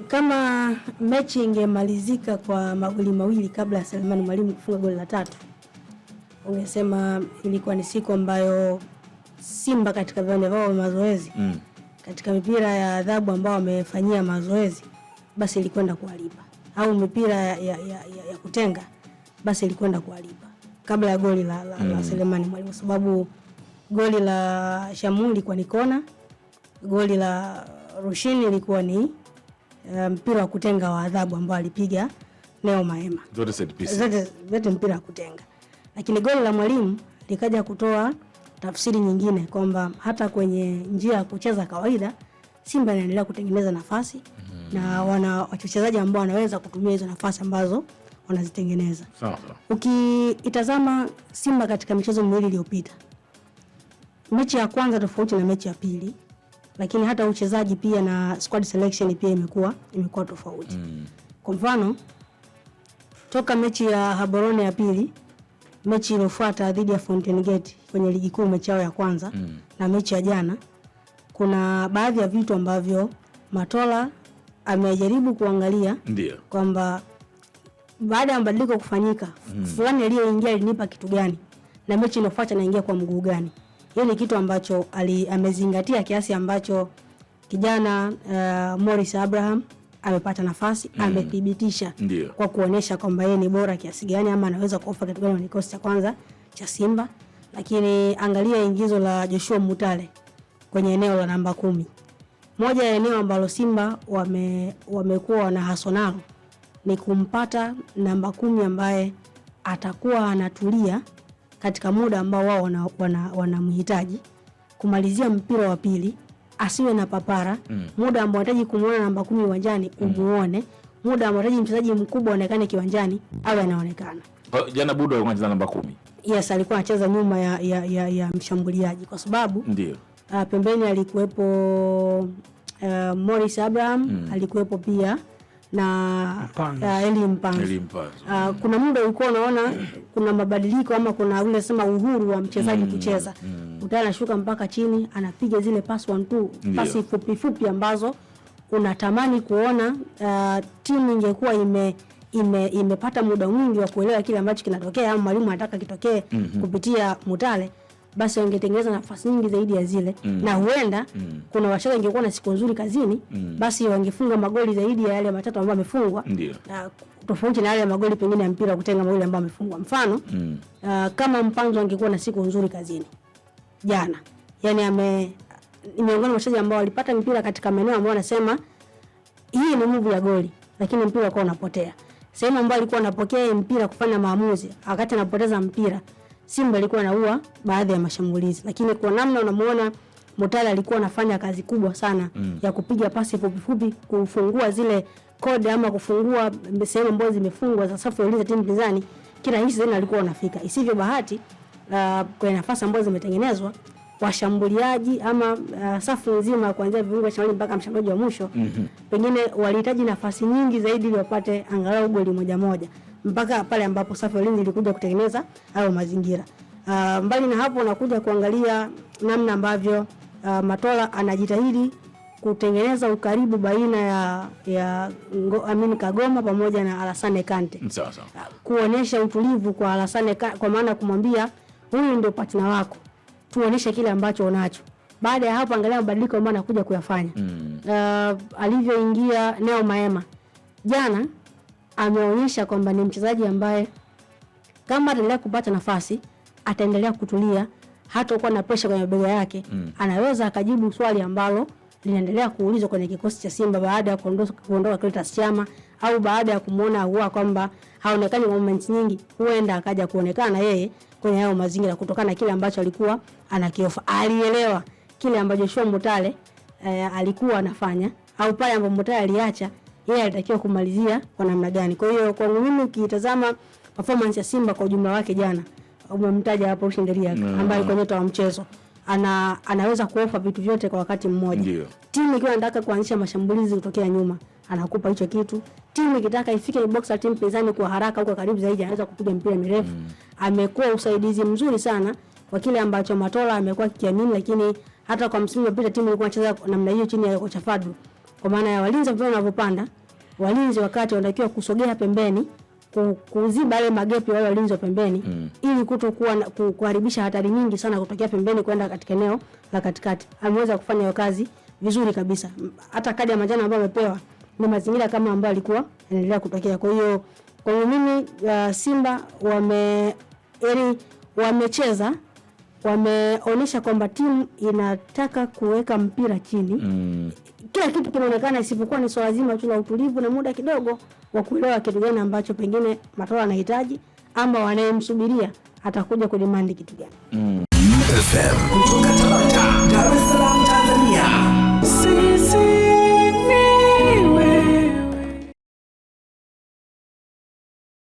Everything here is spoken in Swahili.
kama mechi ingemalizika kwa magoli mawili kabla ya Selemani Mwalimu kufunga goli la tatu, ungesema ilikuwa ni siku ambayo Simba katika viwanja vyao vya mazoezi mm. katika mipira ya adhabu ambao wamefanyia mazoezi basi ilikwenda kuwalipa, au mipira ya, ya, ya, ya kutenga basi ilikwenda kuwalipa kabla ya goli la, la, mm. la Selemani Mwalimu kwa sababu goli la Shamuli kwa ni kona, goli la Rushini ilikuwa ni Eh, mpira wa kutenga wa adhabu ambao alipiga Neo Maema, zote set pieces, zote zote mpira wa kutenga, lakini goli la mwalimu likaja kutoa tafsiri nyingine kwamba hata kwenye njia ya kucheza kawaida Simba inaendelea kutengeneza nafasi mm -hmm. na wana wachezaji ambao wanaweza kutumia hizo nafasi ambazo wanazitengeneza. Sawa. Ukiitazama Simba katika michezo miwili iliyopita, mechi ya kwanza tofauti na mechi ya pili lakini hata uchezaji pia na squad selection pia imekuwa imekuwa tofauti mm. Kwa mfano toka mechi ya Haborone ya pili, mechi iliyofuata dhidi ya Fountain Gate kwenye ligi kuu mechi yao ya kwanza mm. na mechi ya jana, kuna baadhi ya vitu ambavyo Matola amejaribu kuangalia kwamba baada ya mabadiliko kufanyika mm. fulani aliyoingia alinipa kitu gani na mechi iliyofuata naingia kwa mguu gani hiyo ni kitu ambacho ali, amezingatia kiasi ambacho kijana uh, Morris Abraham amepata nafasi mm. amethibitisha Ndiyo. kwa kuonesha kwamba yeye ni bora kiasi gani ama anaweza kuofa kitu gani kikosi cha kwanza cha Simba, lakini angalia ingizo la Joshua Mutale kwenye eneo la namba kumi, moja ya eneo ambalo Simba wame wamekuwa wana hasonalo ni kumpata namba kumi ambaye atakuwa anatulia katika muda ambao wao wanamhitaji wana, wana kumalizia mpira wa pili, asiwe na papara mm. muda ambao anahitaji kumwona namba kumi uwanjani mm. umuone mm. muda ambao anahitaji mchezaji mkubwa aonekane kiwanjani awe anaonekana. Jana Budo alikuwa anacheza namba kumi. Yes, alikuwa anacheza nyuma ya, ya, ya, ya mshambuliaji kwa sababu ndio uh, ah, pembeni alikuwepo uh, Morris Abraham mm. alikuwepo pia na eh, Eli pana. Uh, ah, kuna muda ulikuwa unaona kuna mabadiliko ama kuna ule sema uhuru wa mchezaji mm, kucheza mm. Mtani anashuka mpaka chini anapiga zile pass one two, pasi fupi fupi ambazo unatamani kuona uh, timu ingekuwa ime ime imepata muda mwingi wa kuelewa kile ambacho kinatokea au mwalimu anataka kitokee mm -hmm. kupitia Mutale basi wangetengeneza nafasi nyingi zaidi ya zile mm. na huenda mm. kuna washaka ingekuwa na siku nzuri kazini mm. basi wangefunga magoli zaidi ya yale matatu ambayo amefungwa, tofauti na yale magoli pengine ya mpira kutenga magoli ambayo amefungwa. Mfano mm. uh, kama Mpanzo angekuwa na siku nzuri kazini jana, yani ame miongoni mwa wachezaji ambao walipata mpira katika maeneo ambayo wanasema hii ni muvu ya goli, lakini mpira ukawa unapotea sehemu ambayo alikuwa anapokea mpira kufanya maamuzi, wakati anapoteza mpira Simba alikuwa anaua baadhi ya mashambulizi, lakini kwa namna unamuona Motala alikuwa anafanya kazi kubwa sana mm. ya kupiga pasi fupifupi, kufungua zile kode ama kufungua sehemu ambazo zimefungwa za safu ya timu pinzani, kirahisi tena alikuwa anafika. Isivyo bahati uh, kwenye nafasi ambazo zimetengenezwa washambuliaji ama uh, safu nzima kuanzia viungo vya shambulizi mpaka mshambuliaji wa mwisho mm -hmm. pengine walihitaji nafasi nyingi zaidi ili wapate angalau goli moja moja mpaka pale ambapo Safelini ilikuja kutengeneza hayo mazingira. Uh, mbali na hapo nakuja kuangalia namna ambavyo uh, Matola anajitahidi kutengeneza ukaribu baina ya, ya Amin Kagoma pamoja na Alasane Kante. Mm, sawa sawa. Ah, kuonesha utulivu kwa Alasane kwa maana kumwambia huyu ndio partner wako. Tuoneshe kile ambacho unacho. Baada ya hapo angalia mabadiliko ambayo anakuja kuyafanya. Mm. Uh, alivyoingia Neo Maema. Jana ameonyesha kwamba ni mchezaji ambaye kama ataendelea kupata nafasi ataendelea kutulia, hata kuwa na presha kwenye mabega yake mm. anaweza akajibu swali ambalo linaendelea kuulizwa kwenye kikosi cha Simba baada ya kuondoka Clatous Chama au baada ya kumwona Ahoua kwamba haonekani kwa moments nyingi, huenda akaja kuonekana yeye kwenye hayo mazingira kutokana na kile ambacho alikuwa anakiofa. Alielewa kile ambacho Joshua Mutale eh, alikuwa anafanya au pale ambapo Mutale aliacha yeye alitakiwa kumalizia kwa namna gani. Kwa hiyo kwangu mimi ukitazama performance ya Simba kwa ujumla wake jana, umemtaja hapo Rushin De no. ambaye alikuwa nyota wa mchezo ana, anaweza kuofa vitu vyote kwa wakati mmoja. Timu ikiwa inataka kuanzisha mashambulizi kutokea nyuma anakupa hicho kitu. Timu ikitaka ifike box ya timu pinzani kwa haraka huko karibu zaidi, anaweza kupiga mpira mirefu mm. amekuwa usaidizi mzuri sana kwa kile ambacho Matola amekuwa kikiamini, lakini hata kwa msimu uliopita timu ilikuwa inacheza namna hiyo chini ya kocha Fadlu, kwa maana ya walinzi ambao wanavyopanda walinzi wakati wanatakiwa kusogea pembeni kuziba yale magepi wale walinzi wa pembeni mm. ili kutokuwa kuharibisha hatari nyingi sana kutokea pembeni kwenda katika eneo la katikati. Ameweza kufanya hiyo kazi vizuri kabisa. Hata kadi ya manjano ambayo amepewa ni mazingira kama ambayo alikuwa anaendelea kutokea. Kwa hiyo kwa mimi uh, Simba wame yani wamecheza wameonyesha kwamba timu inataka kuweka mpira chini mm. Kila kitu kinaonekana isipokuwa ni swala zima tu la utulivu na muda kidogo wa kuelewa kitu gani ambacho pengine Matola anahitaji ama wanayemsubiria atakuja kudimandi kitu gani mm.